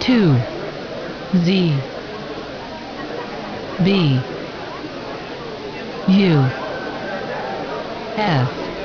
two Z B U F